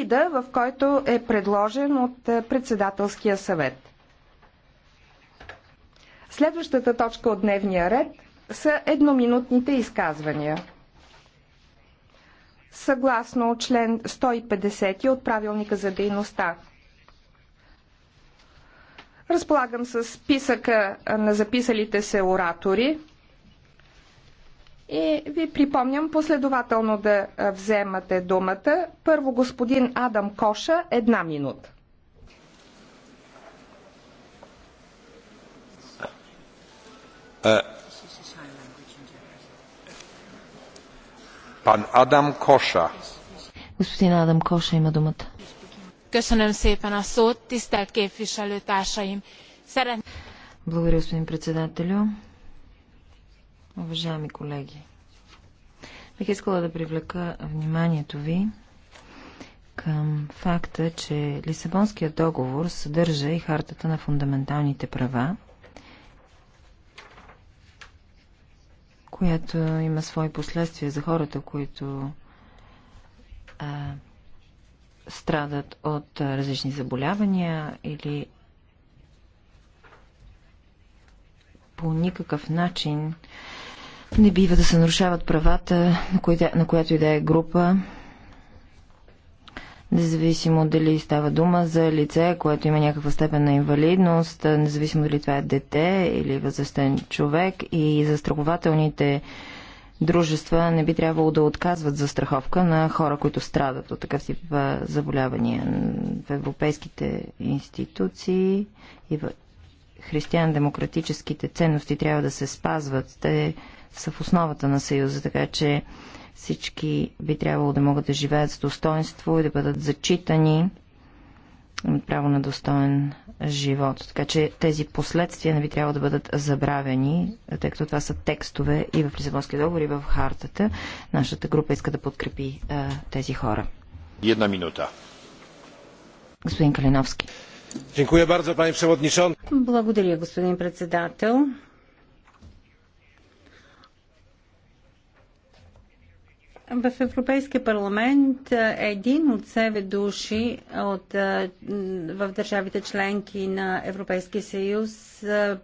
вида, в който е предложен от е, председателския съвет. Следващата точка от дневния ред са едноминутните изказвания. Съгласно член 150 от правилника за дейността. Разполагам с списъка на записалите се оратори. И ви припомням последователно да вземате думата. Първо господин Адам Коша, една минута. Е, пан Адам Коша. Господин Адам Коша има думата. Köszönöm szépen a szót, tisztelt képviselőtársaim! Благодаря, господин председателю. Уважаеми колеги, бих искала да привлека вниманието ви към факта, че Лисабонският договор съдържа и хартата на фундаменталните права, която има свои последствия за хората, които а, страдат от различни заболявания или по никакъв начин не бива да се нарушават правата на, която и да е група, независимо дали става дума за лице, което има някаква степен на инвалидност, независимо дали това е дете или възрастен човек и застрахователните дружества не би трябвало да отказват застраховка на хора, които страдат от такъв тип заболявания. В европейските институции и в християн-демократическите ценности трябва да се спазват. Те са в основата на Съюза, така че всички би трябвало да могат да живеят с достоинство и да бъдат зачитани имат право на достоен живот. Така че тези последствия не би трябвало да бъдат забравени, тъй като това са текстове и в Лисабонския договор, и в хартата. Нашата група иска да подкрепи а, тези хора. Една минута. Господин Калиновски. Благодаря, господин председател. В Европейския парламент е, един от себе души от, е, в държавите членки на Европейския съюз е,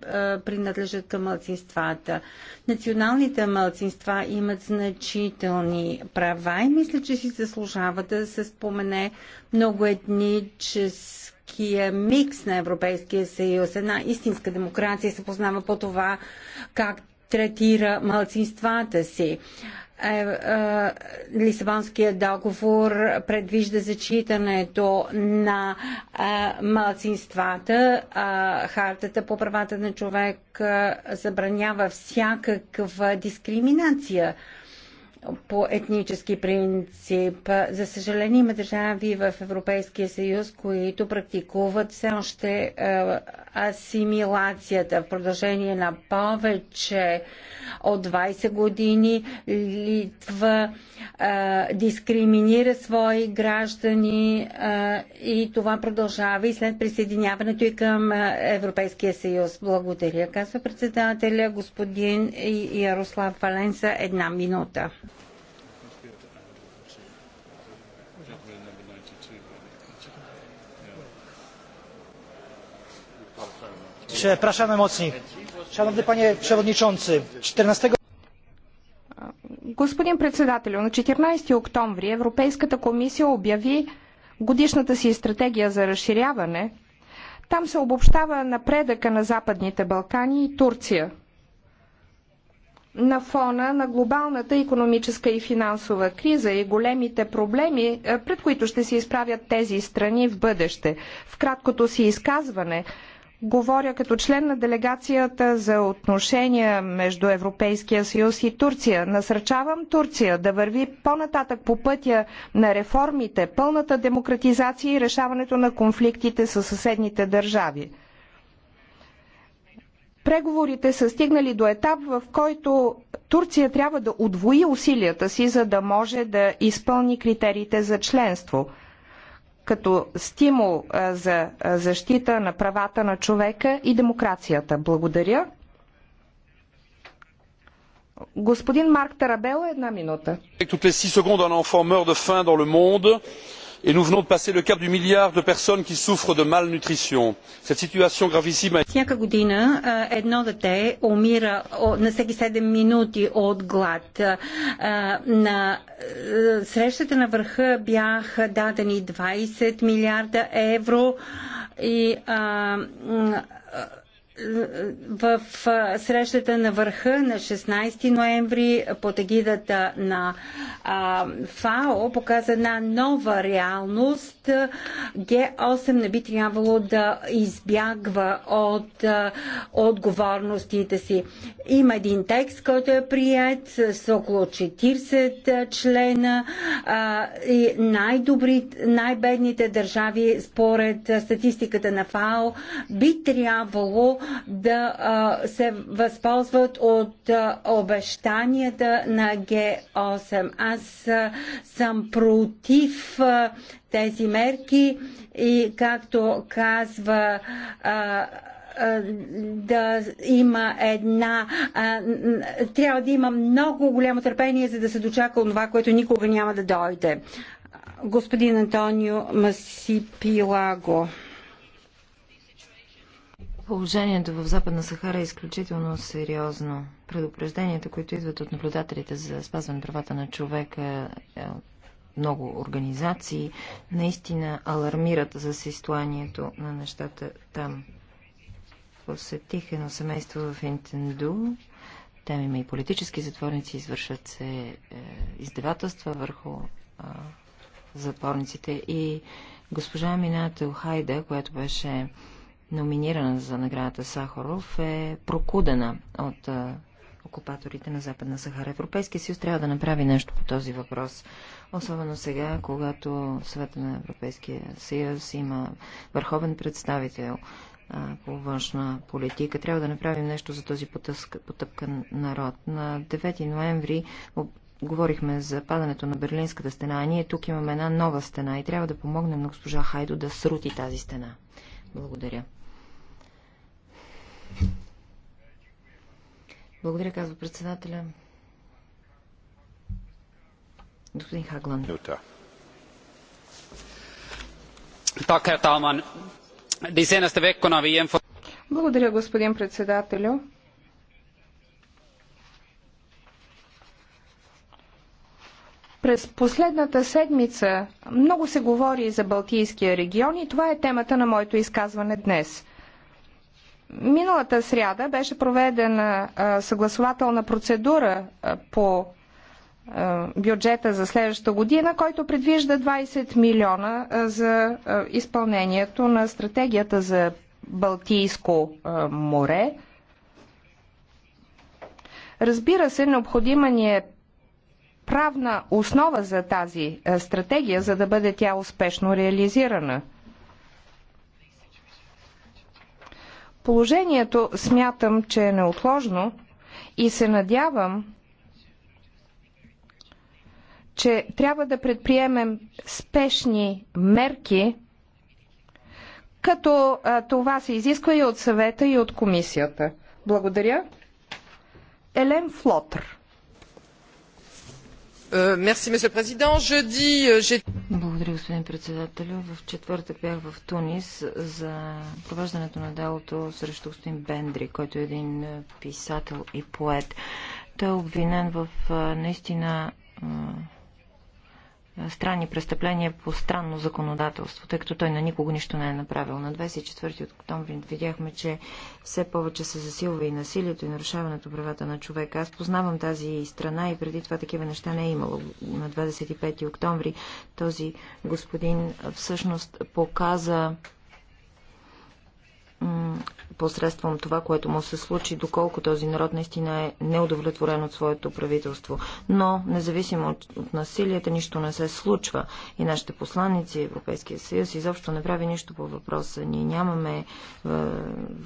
принадлежат към мълцинствата. Националните мълцинства имат значителни права и мисля, че си заслужава да се спомене много етническия микс на Европейския съюз. Една истинска демокрация се познава по това как третира мълцинствата си. Е, е, Лисабонския договор предвижда зачитането на е, малцинствата. Хартата по правата на човек забранява всякаква дискриминация по етнически принцип. За съжаление има държави в Европейския съюз, които практикуват все още асимилацията в продължение на повече от 20 години. Литва а, дискриминира свои граждани а, и това продължава и след присъединяването и към Европейския съюз. Благодаря, казва председателя господин Ярослав Валенса. Една минута. przepraszamy mocnik. Господин председателю, на 14 октомври Европейската комисия обяви годишната си стратегия за разширяване. Там се обобщава напредъка на Западните Балкани и Турция на фона на глобалната економическа и финансова криза и големите проблеми, е, пред които ще се изправят тези страни в бъдеще. В краткото си изказване Говоря като член на делегацията за отношения между Европейския съюз и Турция. Насърчавам Турция да върви по-нататък по пътя на реформите, пълната демократизация и решаването на конфликтите с съседните държави. Преговорите са стигнали до етап, в който Турция трябва да удвои усилията си, за да може да изпълни критериите за членство – като стимул за защита на правата на човека и демокрацията. Благодаря. Господин Марк Тарабел, една минута et nous venons de passer le cap du milliard de personnes qui souffrent de malnutrition. cette situation gravissime в срещата на върха на 16 ноември под егидата на ФАО показа една нова реалност. Г8 не би трябвало да избягва от отговорностите си. Има един текст, който е прият с около 40 члена и най-добри, най-бедните държави според статистиката на ФАО би трябвало да се възползват от обещанията на Г8. Аз съм против тези мерки и както казва да има една. Трябва да има много голямо търпение, за да се дочака това, което никога няма да дойде. Господин Антонио Масипилаго. Положението в Западна Сахара е изключително сериозно. Предупрежденията, които идват от наблюдателите за спазване правата на човека, е, много организации, наистина алармират за състоянието на нещата там. Посетих едно семейство в Интенду. Там има и политически затворници, извършват се е, издевателства върху е, затворниците. И госпожа Мината Охайда, която беше номинирана за наградата Сахаров, е прокудена от окупаторите на Западна Сахара. Европейския съюз трябва да направи нещо по този въпрос. Особено сега, когато Света на Европейския съюз има върховен представител а, по външна политика, трябва да направим нещо за този потъск, потъпкан народ. На 9 ноември говорихме за падането на Берлинската стена, а ние тук имаме една нова стена и трябва да помогнем на госпожа Хайдо да срути тази стена. Благодаря. Благодаря, казва председателя. Господин Хагланд. Благодаря, господин председателю. През последната седмица много се говори за Балтийския регион и това е темата на моето изказване днес. Миналата сряда беше проведена съгласователна процедура по бюджета за следващата година, който предвижда 20 милиона за изпълнението на стратегията за Балтийско море. Разбира се, необходима ни е правна основа за тази е, стратегия, за да бъде тя успешно реализирана. Положението смятам, че е неотложно и се надявам, че трябва да предприемем спешни мерки, като а, е, това се изисква и от съвета, и от комисията. Благодаря. Елен Флотър. Euh, euh, Благодаря, господин председател, В четвъртък бях в Тунис за провеждането на делото срещу господин Бендри, който е един писател и поет. Той е обвинен в наистина странни престъпления по странно законодателство, тъй като той на никого нищо не е направил. На 24 октомври видяхме, че все повече се засилва и насилието и нарушаването правата на човека. Аз познавам тази страна и преди това такива неща не е имало. На 25 октомври този господин всъщност показа посредством това, което му се случи, доколко този народ наистина е неудовлетворен от своето правителство. Но, независимо от, от насилията, нищо не се случва. И нашите посланници, Европейския съюз, изобщо не прави нищо по въпроса. Ние нямаме е,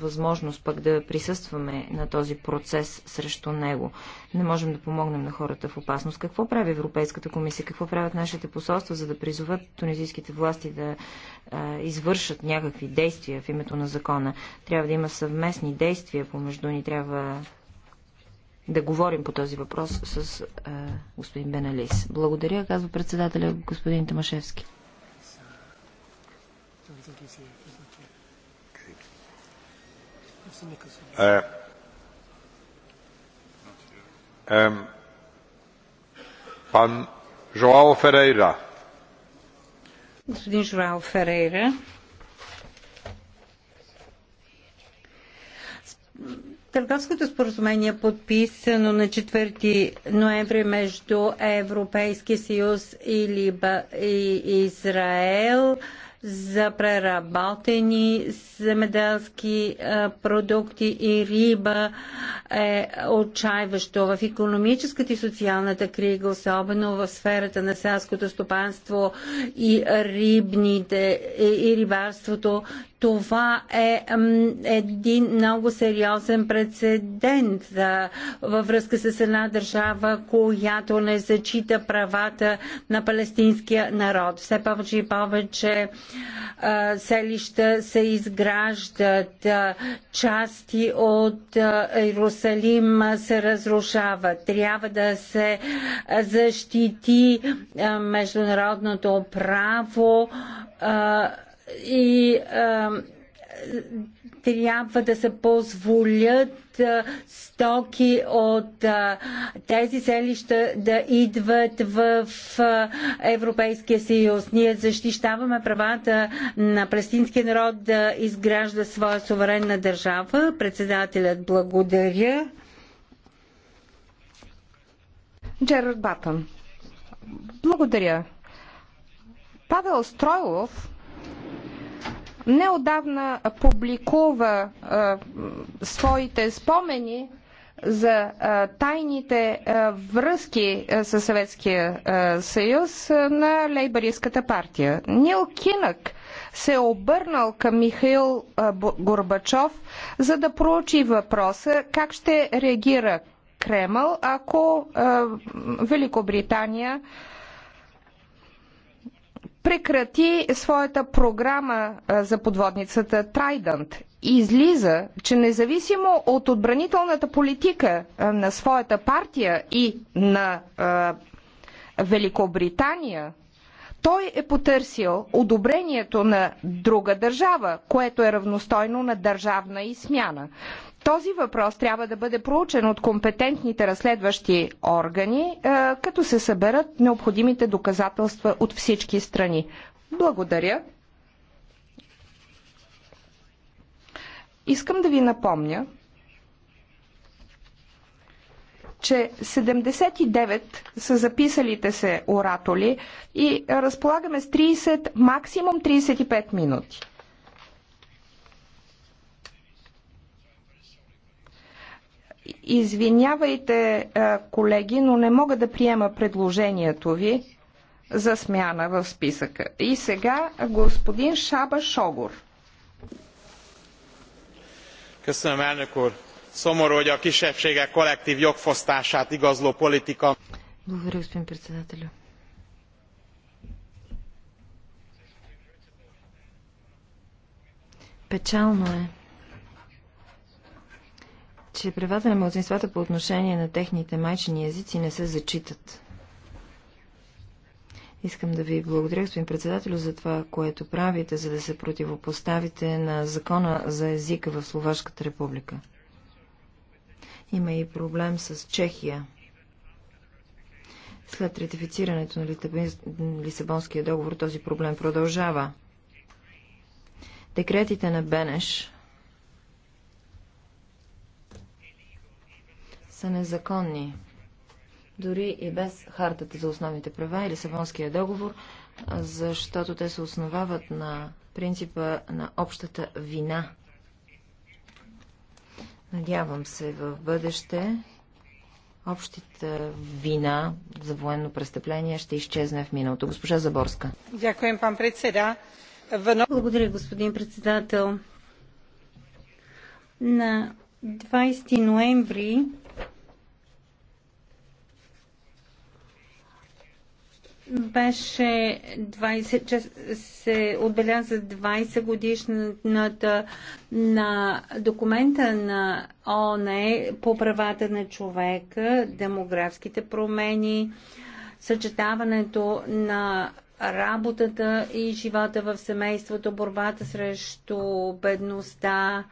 възможност пък да присъстваме на този процес срещу него. Не можем да помогнем на хората в опасност. Какво прави Европейската комисия? Какво правят нашите посолства, за да призоват тунизийските власти да е, извършат някакви действия в името на закона? Трябва да има съвместни действия помежду ни. Трябва да говорим по този въпрос с а, е, господин Беналис. Благодаря, казва председателя господин Тамашевски. Uh, um, pan Господин Жоао Ферейра. Търговското споразумение, е подписано на 4 ноември между Европейския съюз и, Либа, и Израел за преработени земеделски продукти и риба е отчаиващо. В економическата и социалната крига, особено в сферата на селското стопанство и рибните и рибарството, това е един много сериозен прецедент във връзка с една държава, която не зачита правата на палестинския народ. Все повече и повече селища се изграждат, части от Иерусалим се разрушават. Трябва да се защити международното право и а, трябва да се позволят а, стоки от а, тези селища да идват в а, Европейския съюз. Ние защищаваме правата на палестинския народ да изгражда своя суверенна държава. Председателят благодаря. Джерард Батън. Благодаря. Павел Стройлов неодавна публикува а, своите спомени за а, тайните а, връзки със Съветския съюз на лейбористската партия. Нил Кинък се е обърнал към Михаил Горбачов, за да проучи въпроса как ще реагира Кремъл, ако Великобритания прекрати своята програма за подводницата Трайдант. И излиза, че независимо от отбранителната политика на своята партия и на Великобритания, той е потърсил одобрението на друга държава, което е равностойно на държавна измяна. Този въпрос трябва да бъде проучен от компетентните разследващи органи, е, като се съберат необходимите доказателства от всички страни. Благодаря. Искам да ви напомня, че 79 са записалите се оратори и разполагаме с 30, максимум 35 минути. Извинявайте, е, колеги, но не мога да приема предложението ви за смяна в списъка. И сега господин Шаба Шогор. Köszönöm, elnök úr. Szomorú, hogy a kisebbségek kollektív jogfosztását igazló politika. Благодаря, господин председателю. Печално е, че правата на младсинствата по отношение на техните майчини езици не се зачитат. Искам да ви благодаря, господин председателю, за това, което правите, за да се противопоставите на закона за езика в Словашката република. Има и проблем с Чехия. След ратифицирането на Лисабонския договор този проблем продължава. Декретите на Бенеш са незаконни. Дори и без хартата за основните права или Савонския договор, защото те се основават на принципа на общата вина. Надявам се в бъдеще общата вина за военно престъпление ще изчезне в миналото. Госпожа Заборска. Благодаря, господин председател. На 20 ноември беше 20, че се отбеляза 20 годишната на документа на ОНЕ по правата на човека, демографските промени, съчетаването на работата и живота в семейството, борбата срещу бедността.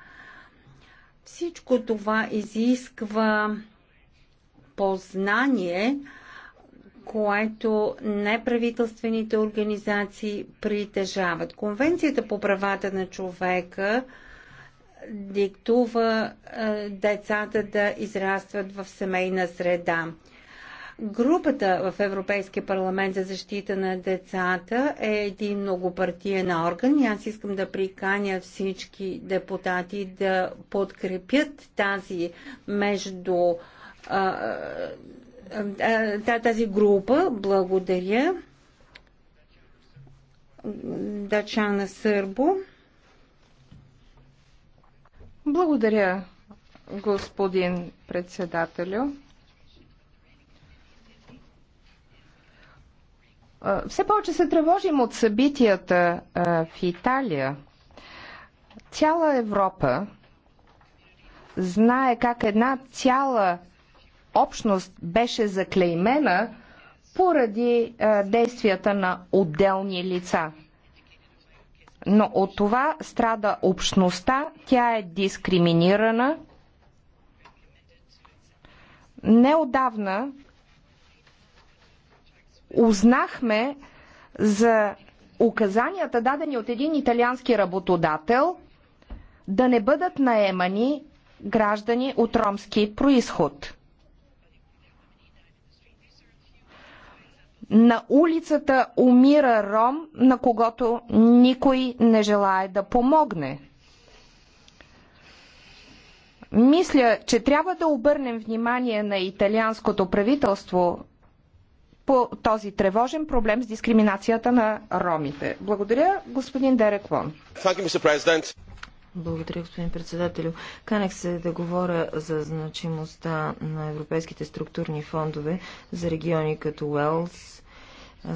Всичко това изисква познание, което неправителствените организации притежават. Конвенцията по правата на човека диктува е, децата да израстват в семейна среда. Групата в Европейския парламент за защита на децата е един многопартиен орган и аз искам да приканя всички депутати да подкрепят тази между е, тази група. Благодаря. Дачана Сърбо. Благодаря, господин председателю. Все повече се тревожим от събитията в Италия. Цяла Европа знае как една цяла общност беше заклеймена поради а, е, действията на отделни лица. Но от това страда общността, тя е дискриминирана. Неодавна узнахме за указанията, дадени от един италиански работодател, да не бъдат наемани граждани от ромски происход. На улицата умира ром, на когото никой не желая да помогне. Мисля, че трябва да обърнем внимание на италианското правителство по този тревожен проблем с дискриминацията на ромите. Благодаря, господин Дерек Вон. Благодаря, господин председателю. Канех се да говоря за значимостта на европейските структурни фондове за региони като Уелс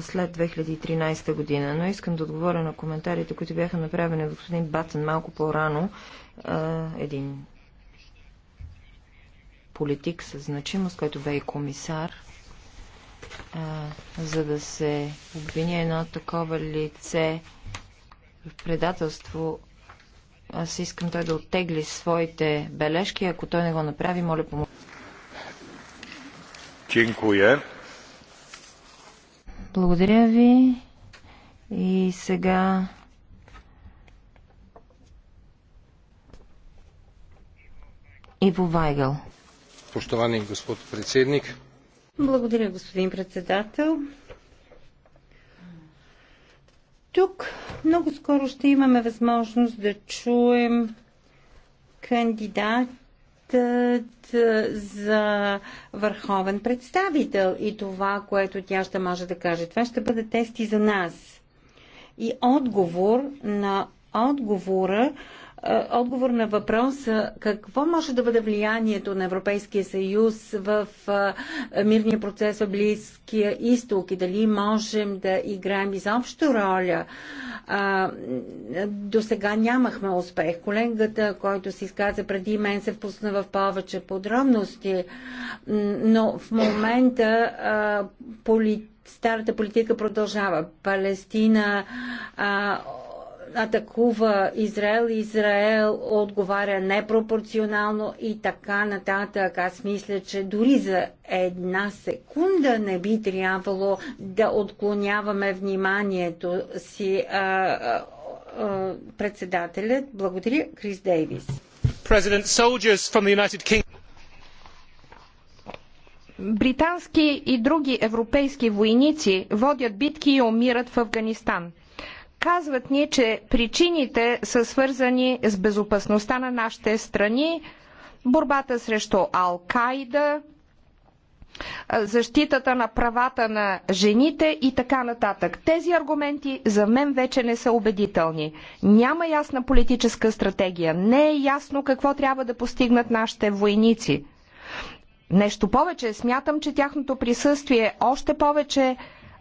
след 2013 година, но искам да отговоря на коментарите, които бяха направени от господин Батен малко по-рано. Един политик със значимост, който бе и комисар, за да се обвини едно такова лице в предателство аз искам той да оттегли своите бележки. Ако той не го направи, моля помога. Чинкуе. Благодаря ви. И сега Иво Вайгъл. Поштовани господ председник. Благодаря, господин председател. Тук много скоро ще имаме възможност да чуем кандидат за върховен представител и това, което тя ще може да каже. Това ще бъде тест и за нас. И отговор на отговора е, отговор на въпроса какво може да бъде влиянието на Европейския съюз в е, мирния процес в Близкия изток и дали можем да играем изобщо роля. До сега нямахме успех. Колегата, който се изказа преди мен, се впусна в повече подробности, но в момента старата политика продължава. Палестина а, атакува Израел, Израел отговаря непропорционално и така нататък. Аз мисля, че дори за една секунда не би трябвало да отклоняваме вниманието си. А, а, а, председателят, благодаря, Крис Дейвис. Британски и други европейски войници водят битки и умират в Афганистан Казват ни, че причините са свързани с безопасността на нашите страни, борбата срещу Ал-Кайда, защитата на правата на жените и така нататък. Тези аргументи за мен вече не са убедителни. Няма ясна политическа стратегия. Не е ясно какво трябва да постигнат нашите войници. Нещо повече, смятам, че тяхното присъствие още повече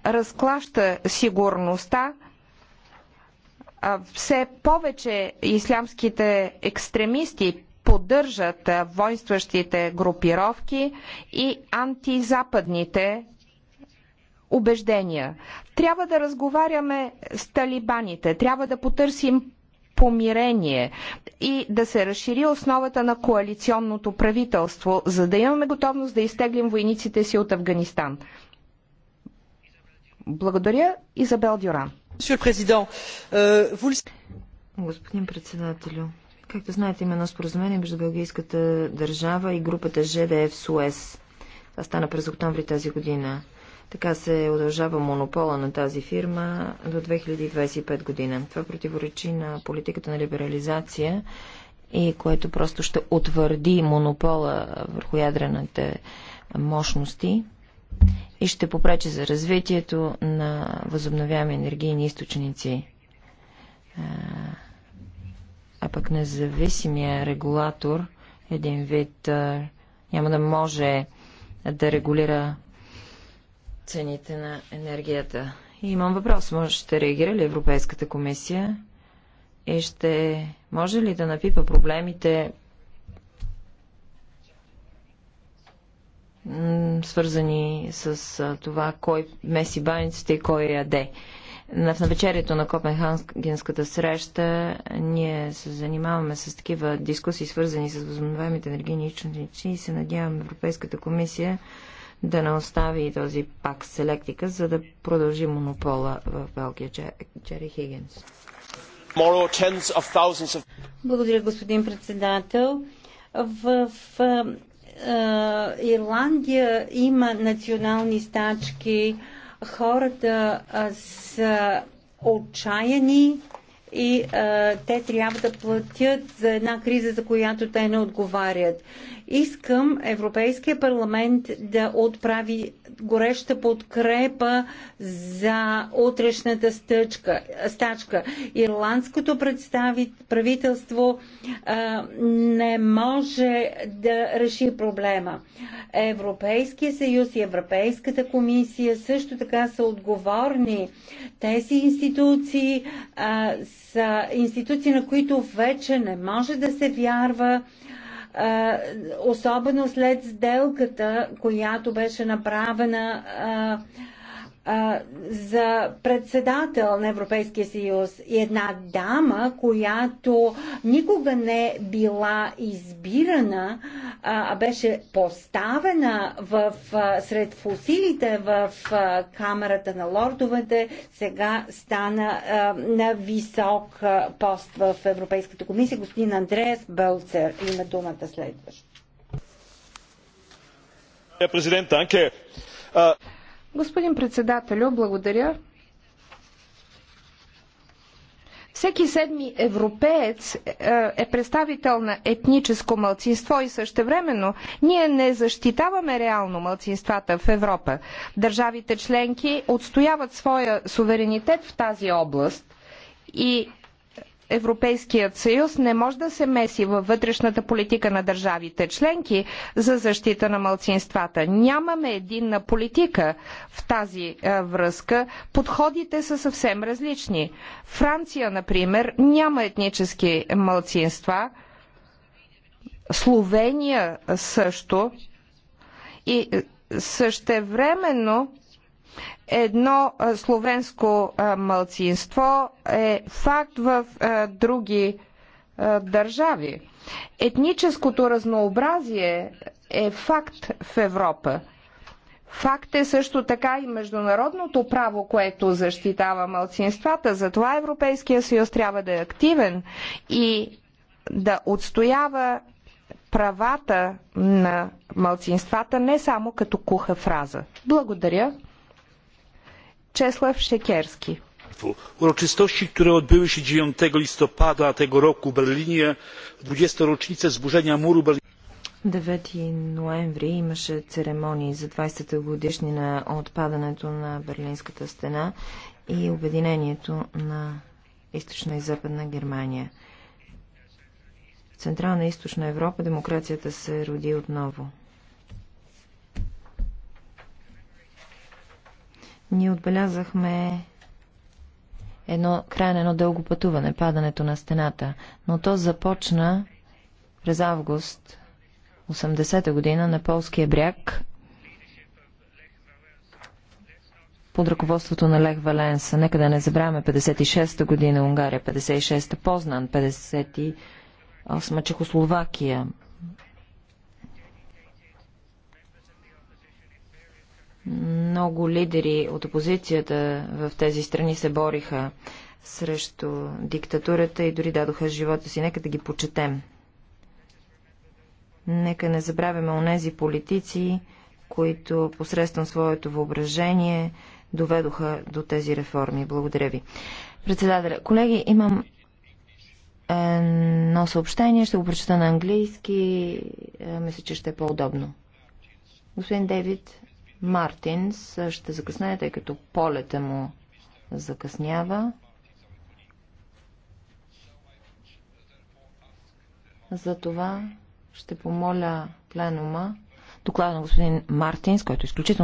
разклаща сигурността все повече ислямските екстремисти поддържат воинстващите групировки и антизападните убеждения. Трябва да разговаряме с талибаните, трябва да потърсим помирение и да се разшири основата на коалиционното правителство, за да имаме готовност да изтеглим войниците си от Афганистан. Благодаря, Изабел Дюран. Euh, Господин председателю, както знаете, има едно споразумение между Белгийската държава и групата ЖДФ Суес. Това стана през октомври тази година. Така се удължава монопола на тази фирма до 2025 година. Това противоречи на политиката на либерализация и което просто ще утвърди монопола върху ядрените мощности и ще попречи за развитието на възобновяеми енергийни източници. А пък независимия регулатор, един вид, няма да може да регулира цените на енергията. И имам въпрос. Може ще реагира ли Европейската комисия и ще може ли да напипа проблемите свързани с това кой меси баницата и кой яде. В навечерието на Копенхагенската среща ние се занимаваме с такива дискусии, свързани с възобновяемите енергийни източници и се надявам Европейската комисия да не остави този пак селектика, за да продължи монопола в Белгия. Джери Хигенс. Благодаря, господин председател. В, в е, Ирландия има национални стачки, хората са отчаяни и те трябва да платят за една криза, за която те не отговарят. Искам Европейския парламент да отправи гореща подкрепа за утрешната стъчка, стачка. Ирландското правителство а, не може да реши проблема. Европейския съюз и Европейската комисия също така са отговорни. Тези институции а, са институции, на които вече не може да се вярва, особено след сделката, която беше направена за председател на Европейския съюз и една дама, която никога не е била избирана, а беше поставена в, сред фусилите в Камерата на лордовете, сега стана на висок пост в Европейската комисия. Господин Андреас Белцер има думата следващ. Президент, Господин председателю, благодаря. Всеки седми европеец е, е представител на етническо мълцинство и същевременно ние не защитаваме реално мълцинствата в Европа. Държавите членки отстояват своя суверенитет в тази област и Европейският съюз не може да се меси във вътрешната политика на държавите членки за защита на малцинствата. Нямаме единна политика в тази е, връзка. Подходите са съвсем различни. Франция, например, няма етнически малцинства. Словения също. И е, същевременно Едно словенско мълцинство е факт в други държави. Етническото разнообразие е факт в Европа. Факт е също така и международното право, което защитава мълцинствата. Затова Европейския съюз трябва да е активен и да отстоява правата на мълцинствата не само като куха фраза. Благодаря. Czesław Siekierski. Uroczystości, które odbyły się 9 listopada tego roku w Berlinie w 20. rocznicę zburzenia muru Berlinu. 9 ноември имаше церемонии за 20-та годишнина от на Берлинската стена и обединението на източна и западна Германия. В Централна и източна Европа демокрацията се роди отново. Ние отбелязахме едно, края на едно дълго пътуване, падането на стената, но то започна през август 80-та година на полския бряг под ръководството на Лех Валенса. Нека да не забравяме 56-та година Унгария, 56-та Познан, 58-та Чехословакия много лидери от опозицията в тези страни се бориха срещу диктатурата и дори дадоха живота си. Нека да ги почетем. Нека не забравяме онези политици, които посредством своето въображение доведоха до тези реформи. Благодаря ви. Председателя, колеги, имам едно съобщение. Ще го прочета на английски. Мисля, че ще е по-удобно. Господин Дейвид Мартинс ще закъснее, тъй като полета му закъснява. Затова ще помоля пленума доклада на господин Мартинс, който е изключително